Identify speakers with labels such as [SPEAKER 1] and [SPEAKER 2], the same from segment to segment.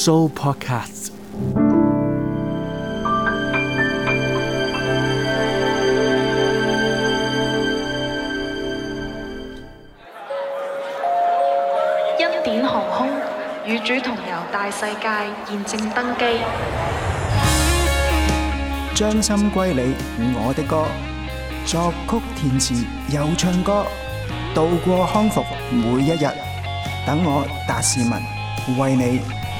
[SPEAKER 1] Show podcast。
[SPEAKER 2] 恩典航空與主同遊大世界，現正登機。將心歸你，我的歌，作曲填詞又唱歌，渡過康復每一日，等我達士文，為你。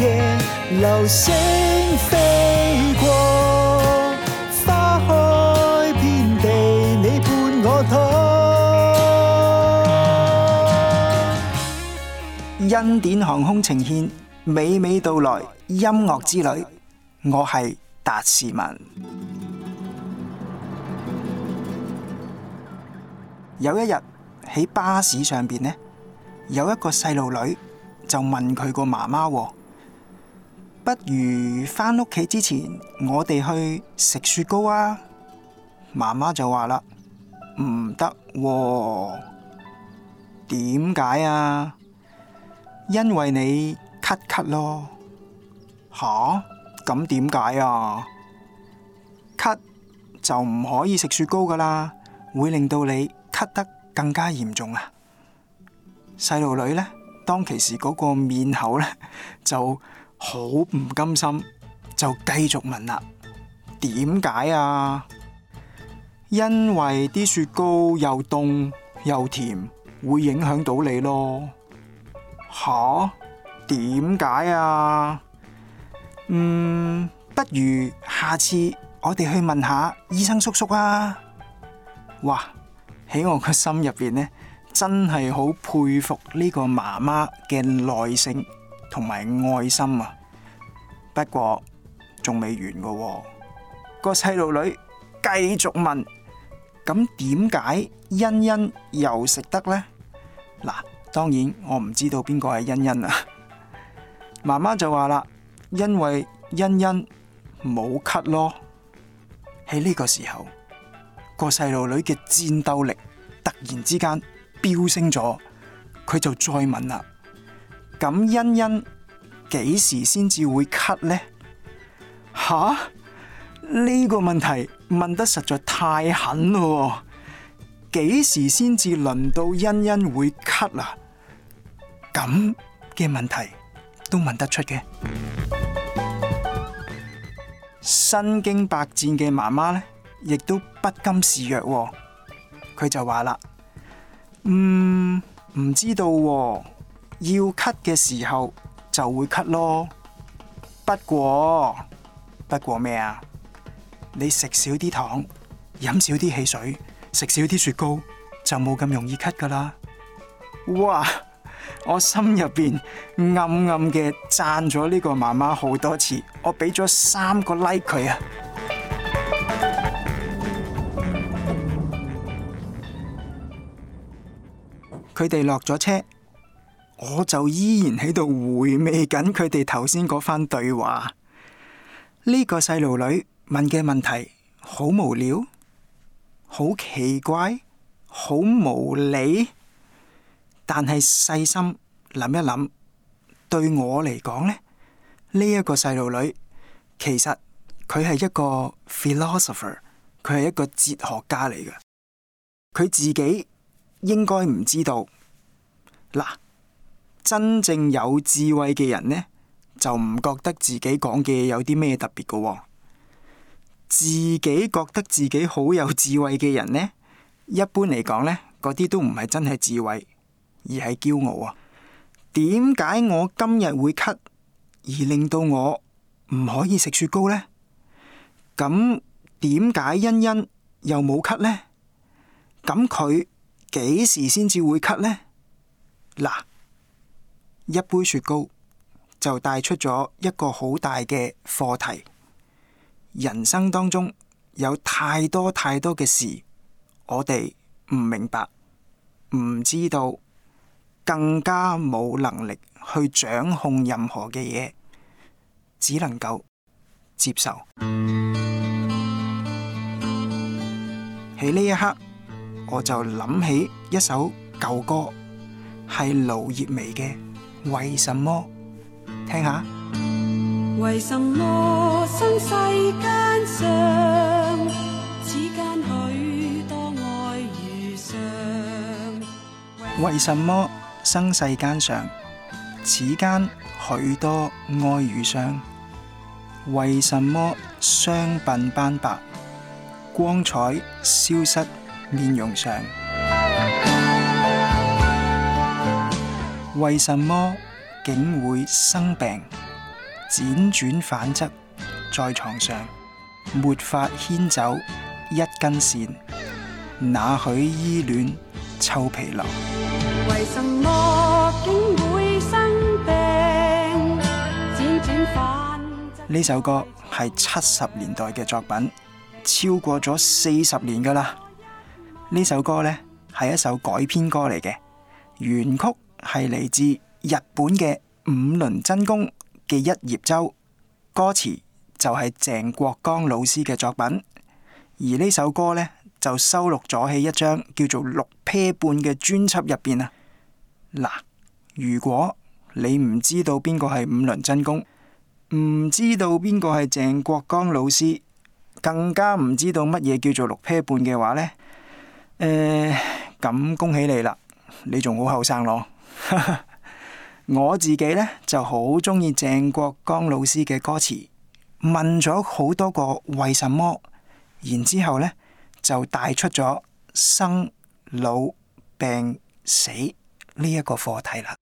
[SPEAKER 1] 流星飛過，花開遍地，你我恩
[SPEAKER 2] 典航空呈獻娓娓道來音樂之旅，我係達士文。 有一日喺巴士上邊咧，有一個細路女就問佢個媽媽。不如返屋企之前，我哋去食雪糕啊！媽媽就話啦，唔得喎。點解啊？因為你咳咳咯。吓，咁點解啊？咳就唔可以食雪糕噶啦，會令到你咳得更加嚴重啊！細路女呢，當其時嗰個面口呢， 就。好唔甘心，就繼續問啦。點解啊？因為啲雪糕又凍又甜，會影響到你咯。吓？點解啊？嗯，不如下次我哋去問下醫生叔叔啊。哇！喺我個心入邊呢，真係好佩服呢個媽媽嘅耐性。同埋愛心啊！不過仲未完噶，啊，個細路女繼續問：咁點解欣欣又食得呢？」嗱，當然我唔知道邊個係欣欣啊！媽媽就話啦：，因為欣欣冇咳咯。喺呢個時候，個細路女嘅戰鬥力突然之間飆升咗，佢就再問啦。咁欣欣幾時先至會咳呢？吓？呢個問題問得實在太狠咯！幾時先至輪到欣欣會咳啊？咁嘅問題都問得出嘅。身經百戰嘅媽媽呢，亦都不甘示弱。佢就話啦：
[SPEAKER 1] 嗯，
[SPEAKER 2] 唔知道啊。要咳嘅時候就會咳咯。不過，不過咩啊？你食少啲糖，飲少啲汽水，食少啲雪糕，就冇咁容易咳噶啦。哇！我心入邊暗暗嘅讚咗呢個媽媽好多次，我俾咗三個 like 佢啊。佢哋落咗車。我就依然喺度回味緊佢哋頭先嗰番對話。呢個細路女問嘅問題好無聊，好奇怪，好無理。但係細心諗一諗，對我嚟講呢呢、呢個、一個細路女其實佢係一個 philosopher，佢係一個哲學家嚟嘅。佢自己應該唔知道嗱。真正有智慧嘅人呢，就唔覺得自己講嘅有啲咩特別㗎喎。自己覺得自己好有智慧嘅人呢，一般嚟講呢，嗰啲都唔係真係智慧，而係驕傲啊、哦。點解我今日會咳，而令到我唔可以食雪糕呢？咁點解欣欣又冇咳呢？咁佢幾時先至會咳呢？嗱。一杯雪糕就帶出咗一個好大嘅課題。人生當中有太多太多嘅事。我哋唔明白、唔知道，更加冇能力去掌控任何嘅嘢，只能夠接受。喺呢一刻，我就諗起一首舊歌，係盧業媚嘅。為什麼？
[SPEAKER 1] 聽下為。為什麼生世間上，此間許多哀與傷？
[SPEAKER 2] 為什麼生世間上，此間許多哀與傷？為什麼雙鬢斑白，光彩消失，面容上？為什麼竟會生病？輾轉反側，在床上沒法牽走一根線，那許依戀臭皮囊？
[SPEAKER 1] 為什麼竟會生病？輾轉反
[SPEAKER 2] 側，呢首歌係七十年代嘅作品，超過咗四十年噶啦。呢首歌呢係一首改編歌嚟嘅原曲係嚟自日本嘅五輪真弓嘅一葉舟，歌詞就係鄭國江老師嘅作品。而呢首歌呢，就收錄咗喺一張叫做六啤半嘅專輯入邊啊！嗱，如果你唔知道邊個係五輪真弓，唔知道邊個係鄭國江老師，更加唔知道乜嘢叫做六啤半嘅話呢，誒、呃，咁恭喜你啦！你仲好後生咯～ 我自己呢，就好中意鄭國江老師嘅歌詞，問咗好多個為什麼，然之後呢就帶出咗生老病死呢一個課題啦。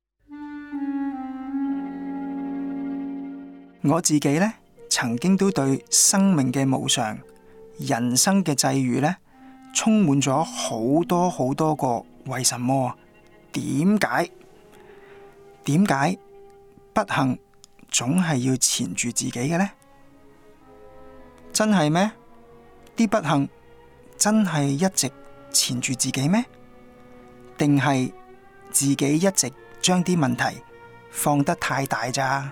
[SPEAKER 2] 我自己呢，曾經都對生命嘅無常、人生嘅際遇呢，充滿咗好多好多個為什麼、點解？點解不幸總係要纏住自己嘅呢？真係咩？啲不幸真係一直纏住自己咩？定係自己一直將啲問題放得太大咋？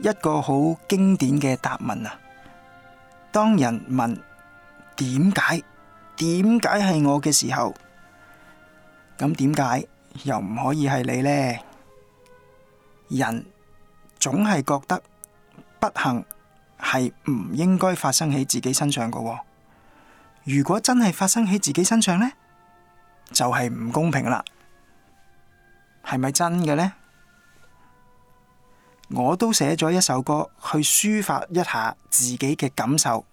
[SPEAKER 2] 一個好經典嘅答問啊！當人問點解點解係我嘅時候，咁點解？又唔可以係你呢？人總係覺得不幸係唔應該發生喺自己身上噶喎。如果真係發生喺自己身上呢，就係、是、唔公平啦。係咪真嘅呢？我都寫咗一首歌去抒發一下自己嘅感受，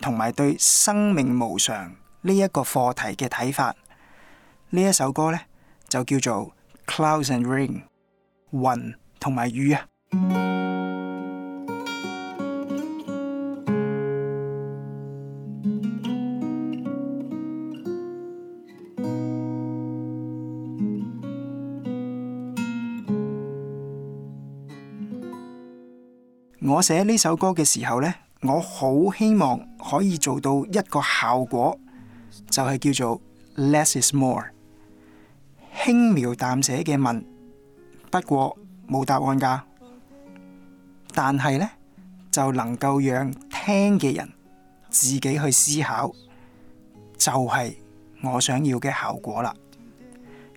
[SPEAKER 2] 同埋對生命無常呢一個課題嘅睇法。呢一首歌呢。就叫做 clouds and rain，雲同埋雨啊！ 我寫呢首歌嘅時候呢，我好希望可以做到一個效果，就係叫做 less is more。輕描淡寫嘅問，不過冇答案㗎。但係呢，就能夠讓聽嘅人自己去思考，就係、是、我想要嘅效果啦。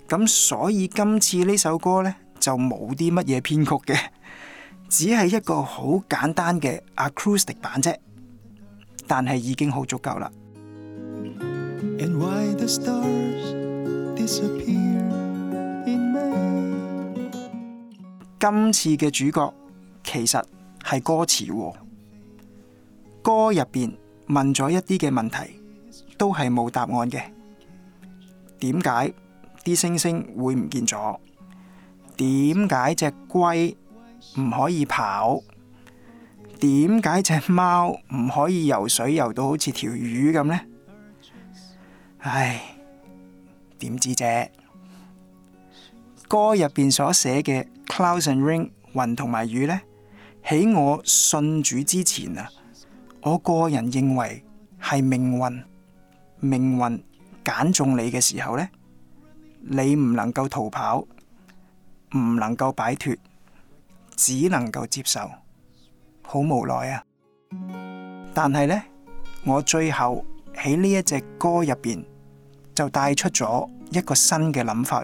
[SPEAKER 2] 咁所以今次呢首歌呢，就冇啲乜嘢編曲嘅，只係一個好簡單嘅 acoustic 版啫。但係已經好足夠啦。今次嘅主角其實係歌詞啊，歌入邊問咗一啲嘅問題，都係冇答案嘅。點解啲星星會唔見咗？點解隻龜唔可以跑？點解隻貓唔可以游水游到好似條魚咁呢？唉，點知啫？歌入邊所寫嘅 clouds and rain 雲同埋雨呢，喺我信主之前啊，我個人認為係命運，命運揀中你嘅時候呢，你唔能夠逃跑，唔能夠擺脫，只能夠接受，好無奈啊！但係呢，我最後喺呢一隻歌入邊就帶出咗一個新嘅諗法。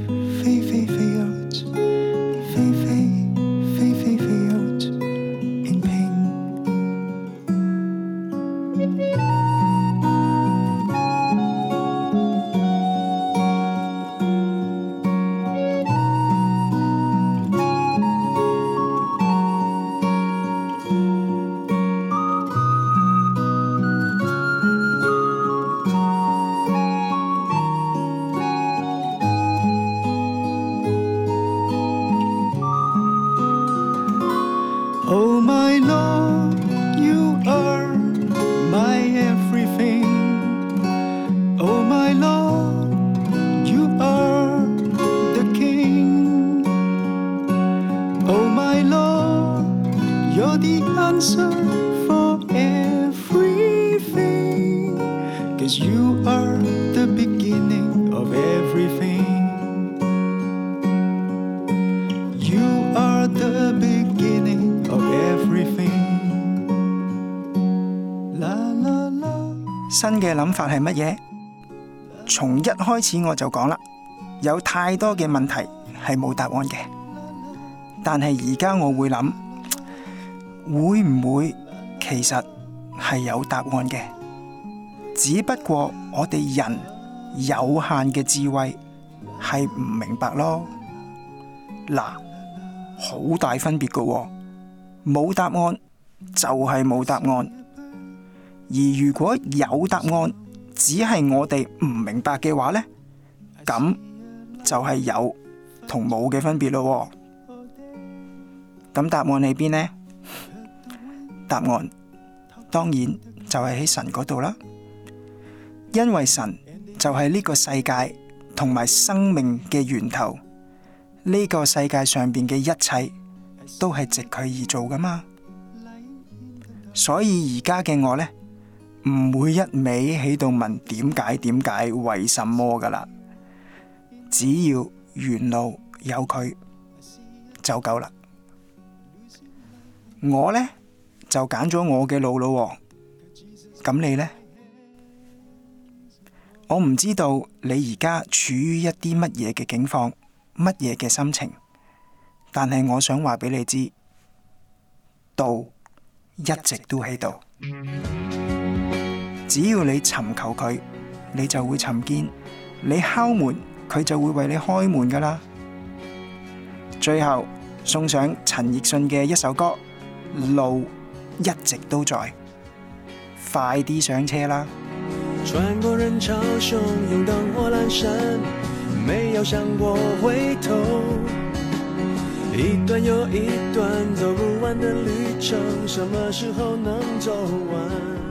[SPEAKER 2] 新嘅諗法係乜嘢？從一開始我就講啦，有太多嘅問題係冇答案嘅。但係而家我會諗，會唔會其實係有答案嘅？只不過我哋人有限嘅智慧係唔明白咯。嗱，好大分別㗎喎，冇答案就係冇答案。而如果有答案，只係我哋唔明白嘅話呢，咁就係有同冇嘅分別咯。咁答案喺邊呢？答案當然就係喺神嗰度啦，因為神就係呢個世界同埋生命嘅源頭。呢個世界上邊嘅一切都係藉佢而做噶嘛，所以而家嘅我呢。唔會一味喺度問點解點解為什麼噶啦，只要沿路有佢就夠啦。我呢，就揀咗我嘅路咯，哦，咁你呢？我唔知道你而家處於一啲乜嘢嘅境況，乜嘢嘅心情，但係我想話俾你知，道一直都喺度。 只要你尋求佢，你就會尋見；你敲門，佢就會為你開門噶啦。最後送上陳奕迅嘅一首歌《路一直都在》，快啲上車啦！
[SPEAKER 1] 穿過人潮洶湧，燈火闌珊，沒有想過回頭。一段又一段，走不完的旅程，什麼時候能走完？